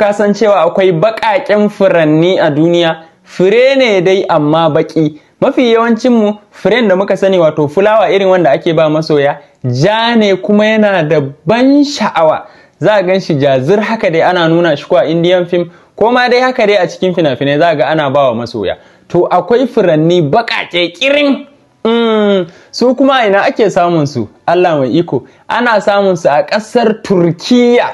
ka san cewa akwai baƙaƙen furanni a duniya fure ne dai amma baƙi mafi yawancinmu firen da muka sani wato fulawa irin wanda ake ba masoya ja ne kuma yana da ban sha'awa za a gan shi jazir haka dai ana nuna shi a indian film ko ma dai haka dai a cikin fina-finai za a ga ana bawa masoya to akwai furanni baƙaƙe ƙirin mm. su kuma ina ake samun su Allah mai iko ana samun su a ƙasar Turkiyya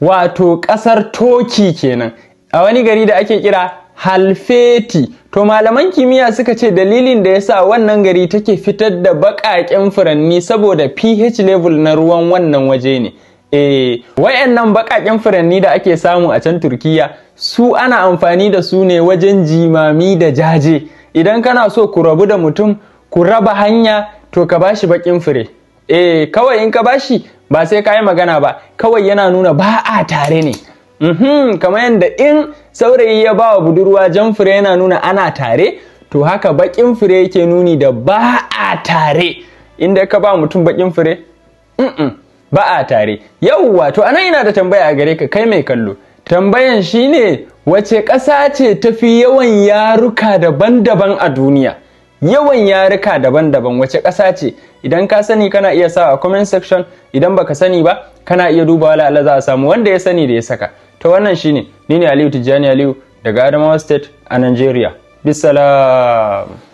wato ƙasar Toki kenan a wani gari da ake kira Halfeti. To malaman kimiyya suka ce dalilin da yasa wannan gari take fitar da baƙaƙen furanni saboda pH level na ruwan wannan waje ne. Eh, wayannan baƙaƙen furanni da ake samu a can Turkiyya su ana amfani da su ne wajen jimami da jaje. Idan kana so ku rabu da mutum, ku raba hanya to ka bashi baƙin fure. Eh, kawai in ka bashi ba sai ka yi magana ba kawai yana nuna ba a tare ne mhm, kamar yadda in saurayi ya ba wa budurwa jan fure yana nuna ana tare to haka bakin fure yake nuni da ba a tare inda ka ba mutum bakin fure ba a tare yauwa to anan ina da tambaya a gare ka kai mai kallo tambayan shine wace ƙasa ce tafi yawan yaruka daban-daban a duniya yawan yarika daban-daban wace ƙasa ce idan ka sani kana iya sawa a comment section idan baka sani ba kana iya dubawa Allah za a samu wanda ya sani da ya saka to wannan shine ni ne Aliyu Tijjani Aliyu daga Adamawa State a Nigeria bisalam